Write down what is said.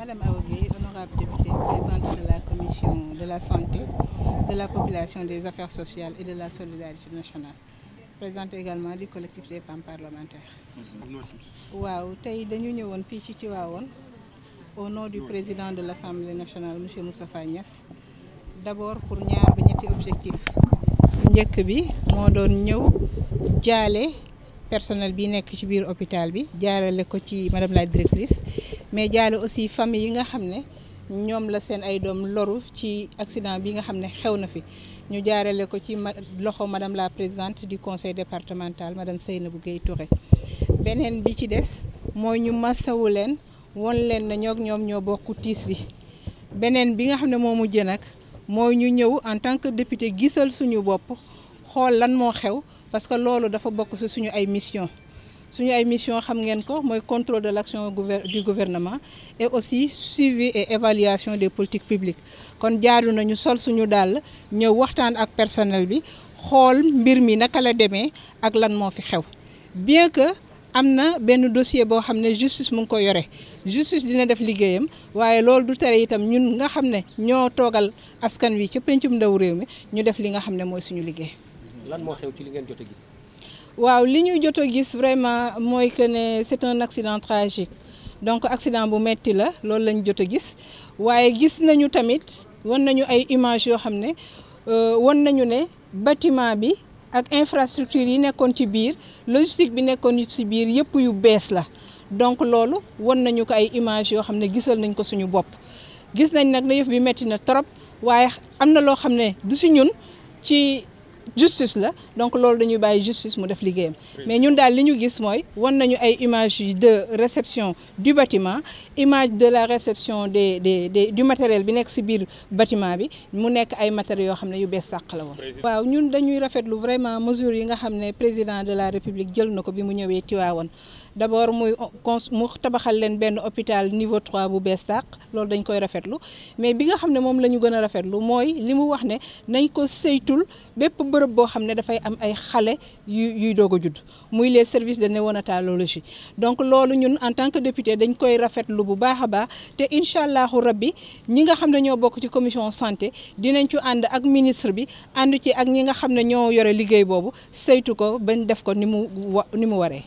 Madame Aougué, honorable députée, présidente de la commission de la santé, de la population, des affaires sociales et de la solidarité nationale. Présente également du collectif des femmes parlementaires. waaw tey dañu ñëwoon fii ci Tivaouane au nom du président de l'Assemblée nationale monsieur Moustapha Niasse d'abord pour ñaar ba ñetti objectif njëkk bi moo doon ñëw jaale. personnel bi nekk ci biir hôpital bi jaarale ko ci madame la directrice mais jaale aussi famille yi nga xam ne ñoom la seen ay doom loru ci accident bi nga xam ne xew na fi ñu jaarale ko ci loxo madame la présidente di conseil départemental madame bu Gueye Touré beneen bi ci des mooy ñu masawu leen won leen na ñoog ñoom ñoo bokku tiis bi beneen bi nga xam ne moo mujj nag mooy ñu ñëw en tant que député gisal suñu bopp xool lan moo xew parce que loolu dafa bokk ci suñu ay mission suñu ay mission xam ngeen ko mooy contrôle de l'action du gouvernement et aussi suivi et évaluation des politiques publiques kon jaadu nañu sol suñu dàll ñëw waxtaan ak personnel bi xool mbir mi naka la demee ak lan moo fi xew bien que am na benn dossier boo xam ne justice mu ngi ko yore justice dina def liggéeyam waaye loolu du tere itam ñun nga xam ne ñoo toogal askan wi ca pencum ndaw réew mi ñu def li nga xam ne mooy suñu liggéey lan moo xew ci li ngeen jot a gis. waaw li ñuy jot a gis vraiment mooy que ne c'est un accident tragique donc accident bu metti la lool lañ jot a gis waaye gis nañu tamit wan nañu ay images yoo xam ne euh, wan nañu ne bâtiment bi ak infrastructure yi nekkoon ci biir logistique bi nekkoon ci biir yëpp yu bees la donc loolu wan nañu ko ay images yoo xam ne gisal nañ ko suñu bopp gis nañ nag ne yëf bi metti na trop waaye am na loo xam ne du si ñun ci. justice la donc loolu dañuy bàyyi justice mu def liggéeyam mais ñun daal li ñu gis mooy wan nañu ay image de réception du bâtiment image de la réception des des des du matériel bi nekk ci biir batiment bi mu nekk ay matériels yoo xam ne yu bees sàq la woon waaw ñun dañuy rafetlu vraiment mesures yi nga xam ne président de la république jël na ko bi mu ñëwee Tiwaawan d' abord muy mu tabaxal leen benn hôpital niveau 3 bu bees sàq loolu dañ koy rafetlu mais bi nga xam ne moom la ñu gën a rafetlu mooy li mu wax ne nañ ko saytul bërëb boo xam ne dafay am ay xale yu yuy doog a judd muy les service de néonatologie donc loolu ñun en tant que député dañ koy rafetlu bu baax a baax te incha allahu rabbi ñi nga xam ne ñoo bokk ci commission santé dinañ ci ànd ak ministre bi ànd ci ak ñi nga xam ne ñoo yore liggéey boobu saytu ko bañ def ko ni mu wa ni mu waree.